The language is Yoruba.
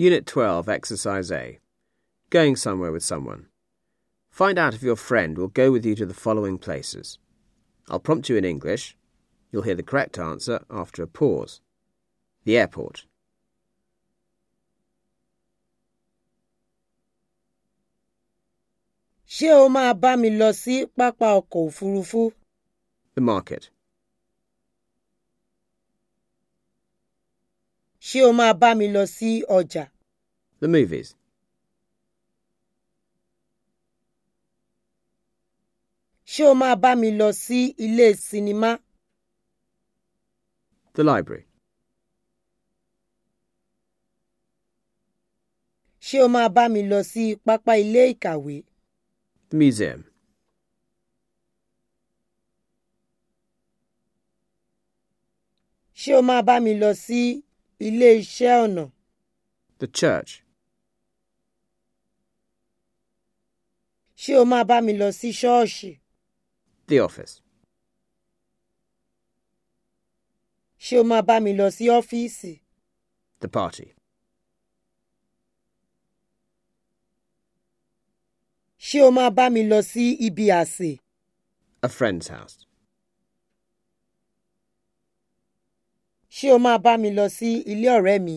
Unit 12, Exercise A. Going somewhere with someone. Find out if your friend will go with you to the following places. I'll prompt you in English. You'll hear the correct answer after a pause. The airport. The market. Ṣé o máa bá mi lọ sí ọjà? The movies. Ṣé o máa bá mi lọ sí ilé sinimá? The library. Ṣé o máa bá mi lọ sí pápá ilé ìkàwé? The museum. Ṣé o máa bá mi lọ sí Ilé-iṣẹ́ ọnà. The church. Ṣé o máa bá mi lọ sí ṣọ́ọ̀ṣì? The office. Ṣé o máa bá mi lọ sí ọ́fíìsì? The party. Ṣé o máa bá mi lọ sí ibi àsè? A friend's house. Ṣé o máa bá mi lọ sí ilé ọ̀rẹ́ mi?